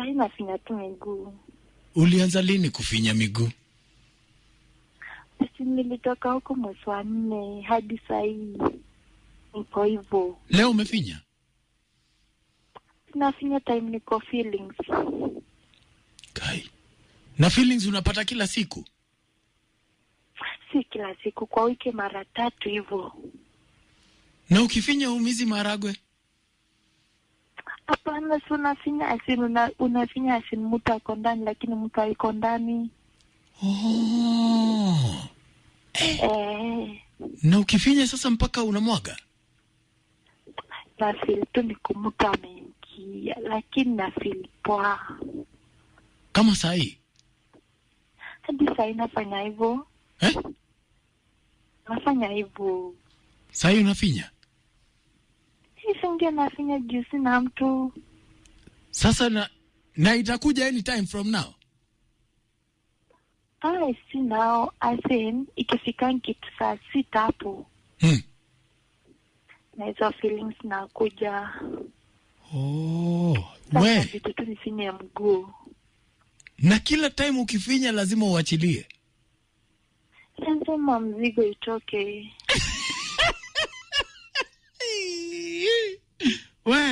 sahii nafinya tu miguu. Ulianza lini kufinya miguu? Si nilitoka huko mwezi wa nne hadi sahii niko hivyo. Leo umefinya? Nafinya time niko feelings. Kai. Na feelings unapata kila siku? Si kila siku, kwa wiki mara tatu hivyo. Na ukifinya umizi maragwe? Ama si unafinya asili una, unafinya asili mtu ako ndani, lakini mtu aiko ndani oh. Eh. Na ukifinya sasa mpaka unamwaga nafili tu ni kumuta ameingia, lakini nafili poa kama sahii hadi sahii nafanya hivyo eh? Nafanya hivyo sahii unafinya, isingia nafinya juu sina mtu sasa na, na itakuja any time from now. pale ah, si nao I think ikifika kitu saa sita hapo hmm. Na hizo feelings nakuja oh, vitu tu nifinye mguu na kila time ukifinya lazima uachilie, lazima mzigo itoke. we